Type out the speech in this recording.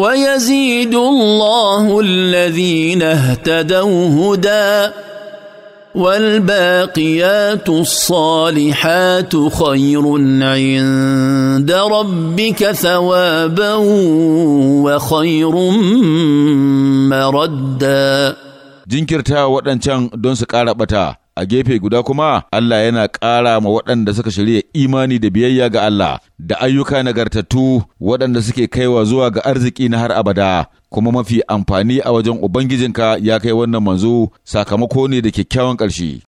ويزيد الله الذين اهتدوا هدى والباقيات الصالحات خير عند ربك ثوابا وخير مردا جنكرتا ودنشان don su ƙara a gefe guda kuma Allah yana ƙara ma waɗanda suka shirya imani da biyayya ga Allah da ayyuka nagartattu waɗanda suke kaiwa zuwa ga arziki na har abada kuma mafi amfani a wajen Ubangijinka ya kai wannan manzo sakamako ne da kyakkyawan ƙarshe.